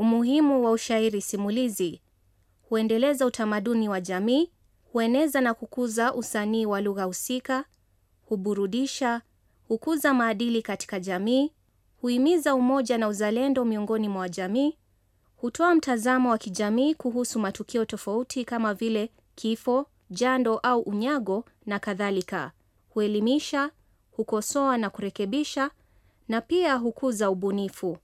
Umuhimu wa ushairi simulizi: huendeleza utamaduni wa jamii, hueneza na kukuza usanii wa lugha husika, huburudisha, hukuza maadili katika jamii, huimiza umoja na uzalendo miongoni mwa jamii, hutoa mtazamo wa kijamii kuhusu matukio tofauti kama vile kifo, jando au unyago na kadhalika, huelimisha, hukosoa na kurekebisha, na pia hukuza ubunifu.